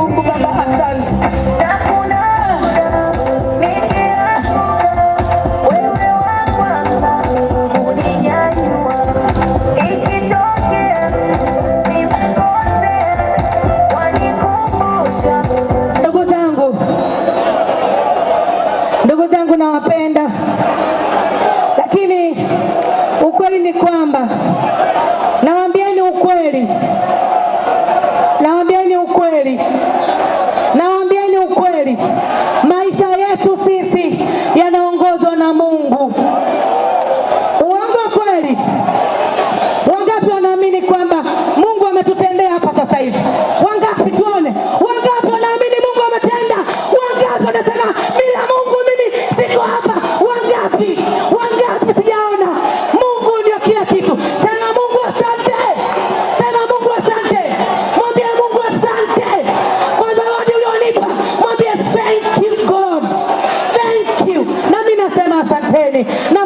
Mungu Baba, asante. Ndugu zangu, ndugu zangu, nawapenda, lakini ukweli ni kwamba nawaambieni ukweli, nawaambieni ukweli kweli? Wangapi wanaamini kwamba Mungu ametutendea hapa sasa hivi? Wangapi tuone? Wangapi wanaamini Mungu ametenda? Wangapi wanasema bila Mungu mimi siko hapa? Wangapi? Wangapi? Sijaona. Mungu ndio kila kitu. Sema Mungu asante, sema Mungu asante, mwambie Mungu asante kwa zawadi ulionipa, mwambie thank you God, thank you. Nami nasema asanteni.